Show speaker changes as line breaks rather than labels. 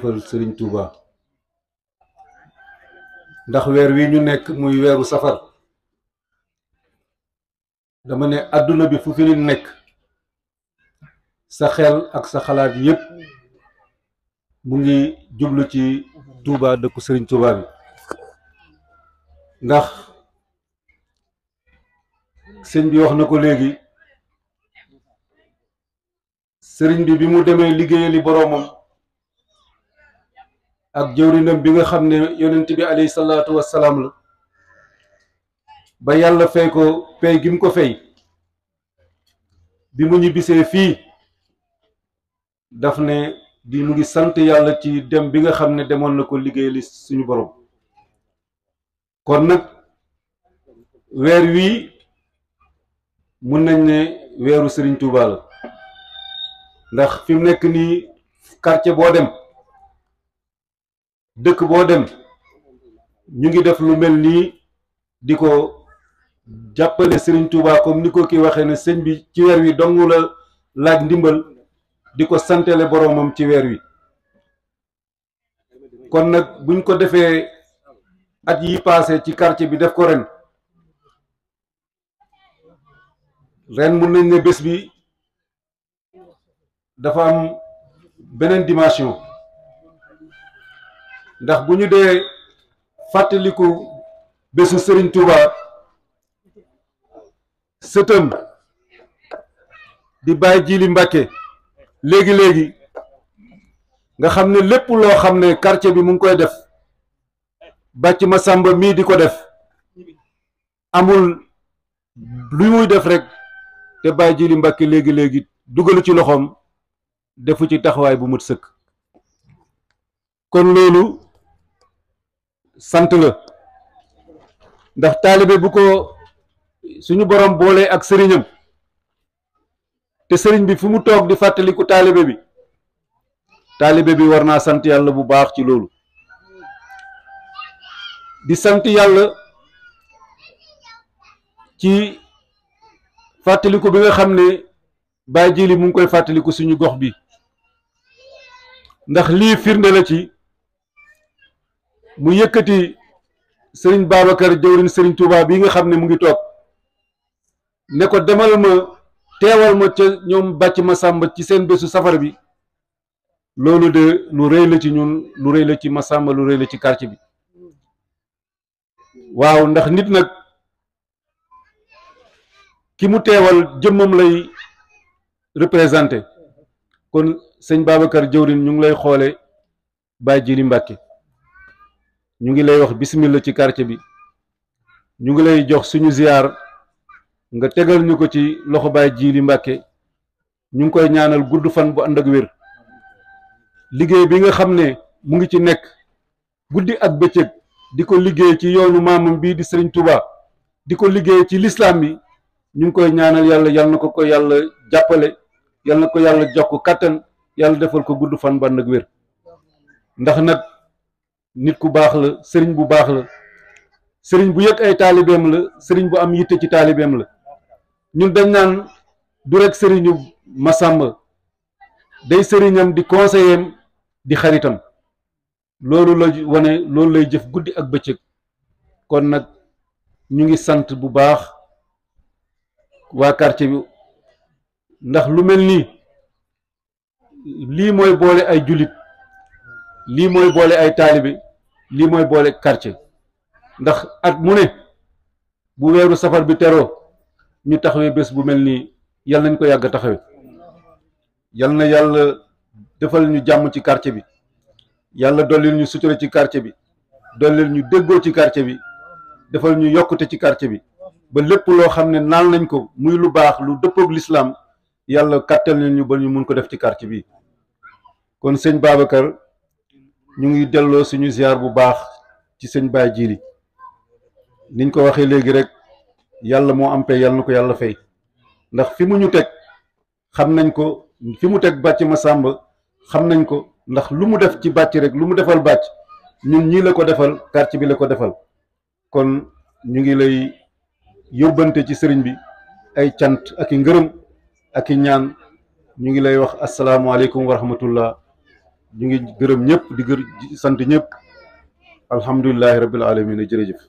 defal Serigne Touba ndax wèr wi ñu nekk muy wèru safar dama ne aduna bi fu fi nit nekk sa xel ak sa xalaat yépp mu ngi jublu ci Touba dëkku Serigne Touba bi ndax sëñ bi wax nako ko léegi bi bi mu demee liggéeyali boromam ak jëwrinam bi nga xam ne yonent bi alayhi salaatu wassalaam la ba yàlla fay ko fay gi mu ko fay bi mu ñu fii daf ne di mu ngi sant yàlla ci dem bi nga xam ne demoon na ko liggéey li suñu borom kon nag weer wii mun nañ ne weeru Serigne Touba ndax fi mu nekk nii quartier boo dem dëkk boo dem ñu ngi def lu mel nii di ko jàppale Serigne Touba comme ni ko kii waxee ne sëñ bi ci weer wi dong la laaj ndimbal di ko santale boroomam ci weer wi kon nag buñ ko defee at yi paase ci quartier bi def ko ren ren mun nañ ne bés bi dafa am beneen dimension ndax bu ñu dee fàttaliku bésu sëriñ Touba sëtëm di bàyyi Jili Mbàkke léegi léegi nga xam ne lépp loo xam ne quartier bi mu ngi koy def bàcc ma sàmba mii di ko def amul lu muy def rek te bàyyi Jili Mbàkke léegi léegi dugalu ci loxoom defu ci taxawaay bu mu sëkk kon loolu sant la ndax taalibe bu ko suñu borom boolee ak sëriñam te sëriñ bi fu mu toog di fàttaliku taalibe bi taalibe bi war naa sant yàlla bu baax ci loolu di sant yàlla ci fàttaliku bi nga xam ne Baay Jili mu ngi koy fàttaliku suñu gox bi ndax lii firnde la ci mu yëkkati sëriñ Babacar jëwriñ sëriñ Touba bii nga xam ne mu ngi toog ne ko demal ma teewal ma ca ñoom bàcc ma sàmba ci seen bésu safar bi loolu de lu rëy la ci ñun lu rëy la ci ma sàmba lu ci quartier bi waaw ndax nit nag ki mu teewal jëmmam lay représenté kon sëñ Babacar jëwriñ ñu ngi lay xoole bàyyi ji li Mbàkke ñu ngi lay wax bismillah ci quartier bi ñu ngi lay jox suñu ziyaar nga tegal ñu ko ci loxo baay Jiili Mbàkke ñu ngi koy ñaanal gudd fan bu ànd ak wér liggéey bi nga xam ne mu ngi ci nekk guddi ak bëccëg di ko liggéey ci yoonu maamam bii di Sëriñ Tuubaa di ko liggéey ci lislaam bi ñu ngi koy ñaanal yàlla yal na ko ko yàlla jàppale yal na ko yàlla jox ko kàttan yàlla defal ko gudd fan bu ànd ak wér ndax nag nit ku baax la sëriñ bu baax la sëriñ bu yëg ay taalibeem la sëriñ bu am yitte ci taalibeem la ñun dañ naan du rek sëriñu Masamba day sëriñam di conseiller di xaritam loolu la wane loolu lay jëf guddi ak bëccëg kon nag ñu ngi sant bu baax waa quartier bi ndax lu mel nii lii mooy boole ay jullit lii mooy boole ay taalibe lii mooy boole quartier ndax at mu ne bu weeru safar bi teroo ñu taxawee bés bu mel nii yal nañ ko yàgg a taxawee yal na yàlla defal ñu jàmm ci quartier bi yàlla dollil ñu sutura ci quartier bi dollil ñu déggoo ci quartier bi defal ñu yokkute ci quartier bi ba lépp loo xam ne naal nañ ko muy lu baax lu dëppoog lislaam yàlla kàttal nañ ñu ba ñu mën ko def ci kàrce bi kon sëñ Babacar ñu ngi delloo suñu ziar bu baax ci sëñ Baye Djily niñ ko waxee léegi rek yàlla moo am pay yàlla na ko yàlla fay ndax fi mu ñu teg xam nañ ko fi mu teg bàcc ma sàmb xam nañ ko ndax lu mu def ci bàcc rek lu mu defal bàcc ñun ñii la ko defal quartier bi la ko defal kon ñu ngi lay yóbbante ci sëriñ bi ay cant ak i ngërëm ak i ñaan ñu ngi lay wax asalaamaaleykum wa rahmatullah ñu ngi gërëm ñëpp di gër sant ñëpp alhamdulilahi rabbil alamin jërëjëf